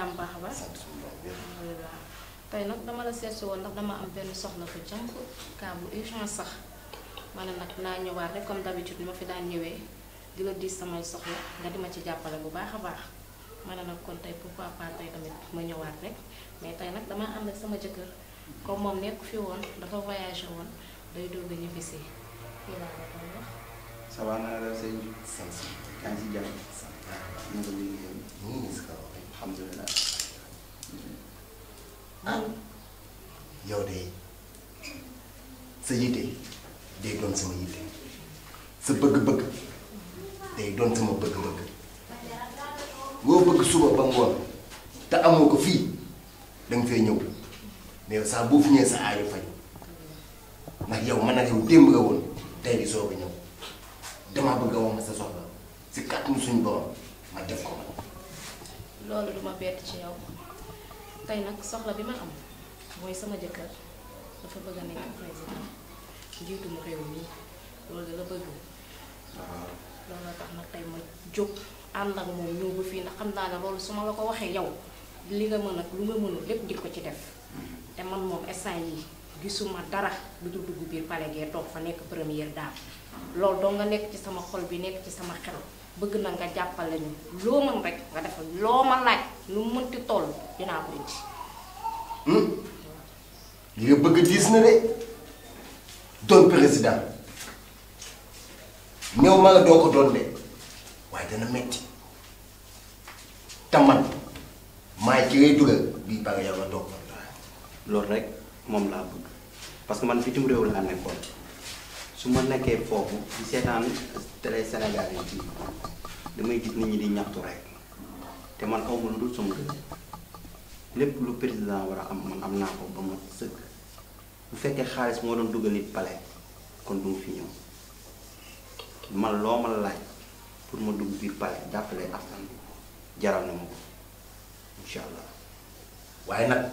jàmm baax a baax. alhamdulilah tey nag dama la seetsi woon ndax dama am benn soxla ko jàmp kaa bu sax ma ne nag naa ñëwaat rek comme d'habitude ni ma fi daan ñëwee di la diis samay soxla nga di ma ci jàppale bu baax a baax ma ne nag kon tey pourquoi pas tey tamit ma ñëwaat rek mais tey nag dama am ak sama jëkkër comme moom nekku fi woon dafa voyagé woon day dóor ba ça va na nga def sa yitte day doon sama yitte sa bëgg-bëgg day doon sama bëgg-bëgg loo bëgg suba ba ngoon te amoo ko fii da nga ñëw mais yow saa boo fi ñëwee sa aajo faj ndax yow man ak yow démb nga woon tey di soog a ñëw. dama bëgg a wax sa soxla si kàttanu suñu borom ma def ko man. loolu duma bett ci yow tey nag soxla bi ma am mooy sama jëkkër dafa bëgg a nekk président njiitum réew mi loolu la bëgg. waaw looloo tax nag tey ma jóg ànd ak moom ñëw ba fii ndax xam naa ne loolu su ma la ko waxee yaw li nga mën ak lu nga mënul lépp di ko ci def mm-hmm. te man moom instant yi gisuma dara lu dul dugg biir palais gee toog fa nekk première dame. loolu doo nga nekk ci sama xol bi nekk ci sama xel bëgg na nga jàppale ñu loo mën rek nga defal loo ma laaj lu mënti toll dinaa ko indi. Hmm? li nga bëgg diis na doon président néew ma la doo ko doon de waaye dana metti te man maay ki ngay dugal bii ba nga yow la doog loolu rek moom laa bëgg parce que man bitim réew laa nekkoon. su ma nekkee foofu di seetaan télé Sénégal yi ci damay gis nit ñi di ñaxtu rek te man aw lu dul sama dëkk lépp lu président war a am man am naa ko ba ma sëkk bu fekkee xaalis moo doon dugal nit pale kon du fi ñëw man loomal ma laaj pour ma dugg fii pale jàppale askan bi jaral na mu ko incha allah waaye nag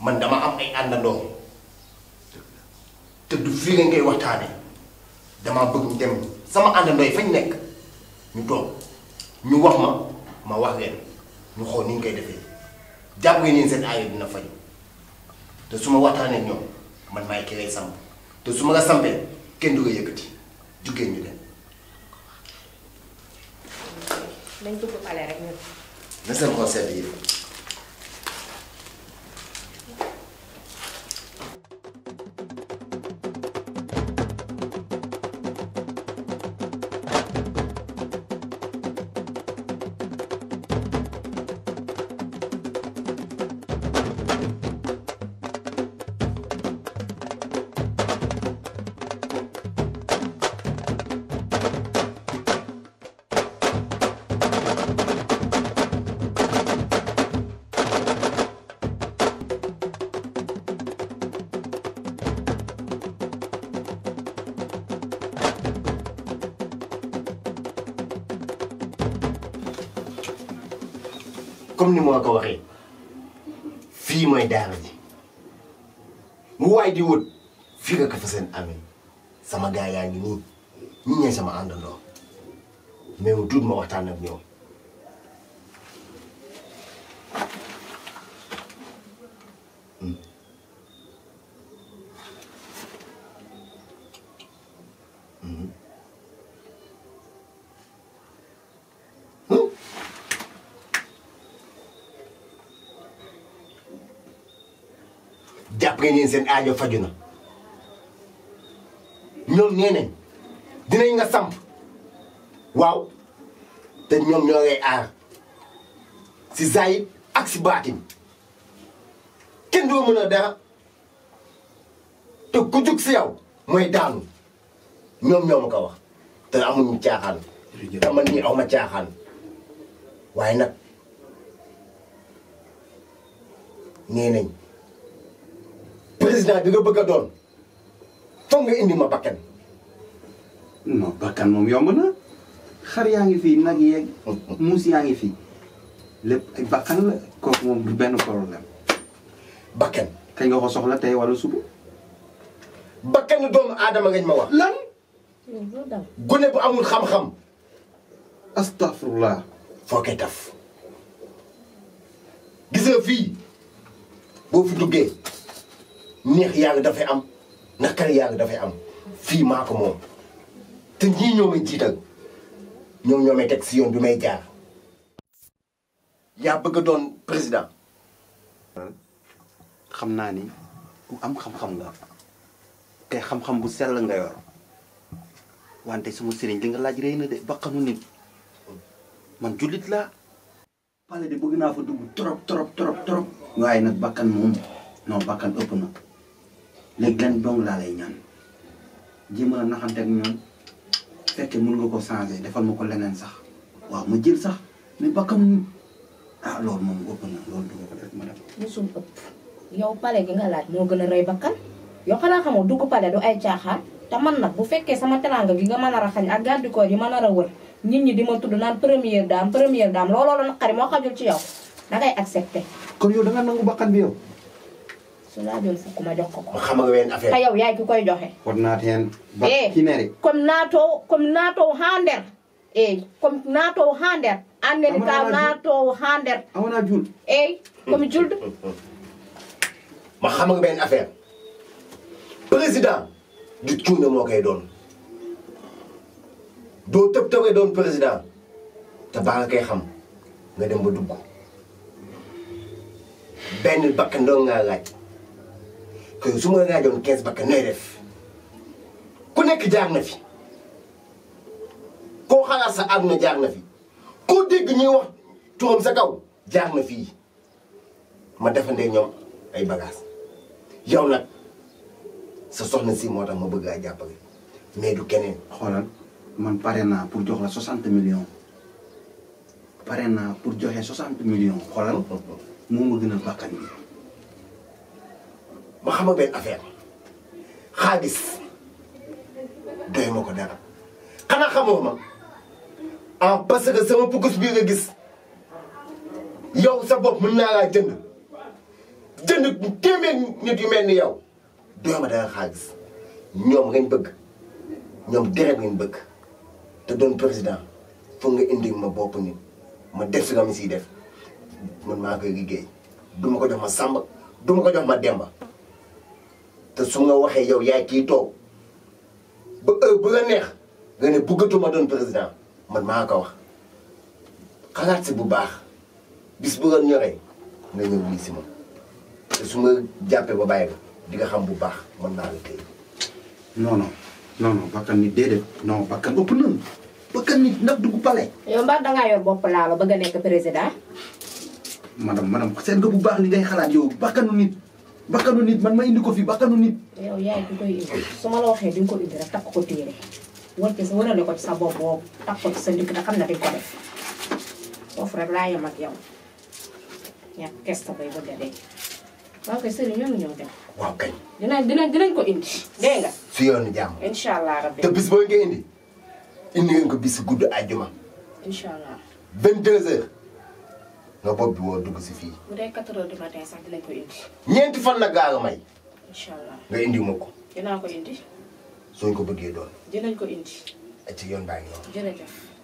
man dama am ay àndandoo. te du fii nga ngay waxtaanee dama bëgg ñu dem sama àndandoo yi fañ nekk ñu toog ñu wax ma ma wax leen ñu xool ni ñu koy defee jàpp ngeen ni seen aay dina faj te su ma waxtaanee ñoom man maay ki lay samp te su ma la sampee kenn du nga yëkkati jugee ñu dem. nañ dugg palais na seen xool sedd yi. comme ni ma ko waxe fii mooy daara ji mu waay di wut fii nga ko fa seen sama gaa yaa ngi nii ñu ñëw sama àndandoo mais mu tuut ma waxtaan ak ñoom. Hmm. jàpp ngeen yéen seen aajo faju na ñoom nee nañ dinañ nga samp waaw te ñoom ñoo ngay aar si zahir ak si baatin kenn doo mën a dara te ku jug si yow mooy daanu ñoom ñoo ma ko wax te amuñu caaxaan te man ñi aw ma caaxaan waaye nag nee président bi nga bëgg a doon foog nga indi ma bakkan. non bakkan moom yomb na. xar yaa ngi fi nag yeeg muus yaa ngi fi lépp ay bakkan la kooku moom du benn problème. bakkan. kañ nga ko soxla tey wala suba. bakkan doomu aadama ngañ ma wax. lan. gune bu amul xam-xam. astafurlah. foo koy taf. gis nga fii boo fi duggee. neex da fay am naqar da fay am fi mako mom te ñi ñoo may jiital ñoom ñoo may teg si yoon bi may jaar. ya bëgg doon président. xamna ni ku am xam-xam nga te xam-xam bu sel nga yor wante suma serigne li nga laaj reyna de bakkanu nit man julit la pale de bëgg naa fa dugg trop trop trop trop. waaye nak bakkan non bakkan ëpp léegi lenn dong la lay ñaan jima a naxante ak ñoon fekke mën nga ko changer defal mako leneen sax waaw ma jël sax mais bakam ah lool mom ko na lool du ko def ma def musul ëpp yow palé gi nga laaj mo gëna reuy bakkan yo xanaa xamoo ko palé du ay caaxaan ta man nak bu fekke sama teraanga gi nga mën a raxañ ak ko yi mën a wër nit ñi di ma tudd naan premier dame premier dame looloo la naqari moo xajul ci yow ngay accepté kon yow nga nangu bakkan bi yow su laa doon fukk ma jox ko ko. xam nga wenn affaire. te yow yaay ki koy joxe. war naa teen ba eh, kineri. comme naatoo comme naatoo haa nder. eyi eh, comme naatoo haa nder. annene ka naatoo haa nder. a wonaa juul. eyi eh, comme julɗo. ma xam nga benn affaire président du cuune moo koy doon doo tëb tëbee doon président te baa nga koy xam nga dem ba dugg benn bakkan doon ngaa laaj. su ma raajoon kees bakkan nooy def ku nekk jaar na fi koo xalaat sa àdduna jaar na fi koo dégg ñuy wax turam sa kaw jaar na fii ma defandee ñoom ay bagages yow nag sa soxna si moo tax ma bëgg a jàppale mais du keneen. xoolal man pare naa pour jox la 60 millions pare naa pour joxe 60 million xoolal moo ma bakkan ma xamal benn affaire xaalis doy ma ko dara xanaa xamoo ma en ah, parce que sama pukus bii nga gis yow sa bopp mën naa laa jënd jënd téeméer nit yu mel ni yow doy ma dara xaagis ñoom ngeen bëgg ñoom deret ngeen bëgg te doon président foog nga indi ma bopp nit ma def si nga ma siy def man maa koy liggéey du ma ko jox ma sàmb du ma ko jox ma demba te su nga waxee yow yaay kii tok ba heure bu la neex nga ne bëggatuma doon président man maa ko wax xalaat ci bu baax bis bu la ñoré nga ñëw wuyu ci ma te su ma jàppee ba bàyyi di nga xam bu baax man na la tey non non non non bakkan ni déedéet non bakkan ëpp na bakkan ni nak duggu palé yow mbaa nga yor bop la la bëgg nekk président. madam madam xéen nga bu baax li ngay xalaat yow bakkanu nit. bakkanu nit man ma indi ko fii bakkanu nit. yow yaay ku koy indi su ma la waxee di ko indi rek takk ko téere war ci sa warale ko ci sa bopp boobu takk ko ci sa ndigg te xam na dañ ko def foofu rek laa yem ak yow a dee. waaw kay sëriñ yoonu jàmm. incha allah rabbi te bis boo ngeen indi. indi ngeen ko bis guddi àjjuma. incha allah. 22h. nga bopp bi woo dugg si fii. bu dee quatre heures du matin sax dinañ ko indi. ñeenti fan nag gaa nga may. incha allah nga indi ma ko. dinaa ko indi. soo ko bëggee doon. dinañ ko indi. ci yoon baa ngi noonu. jërëjëf.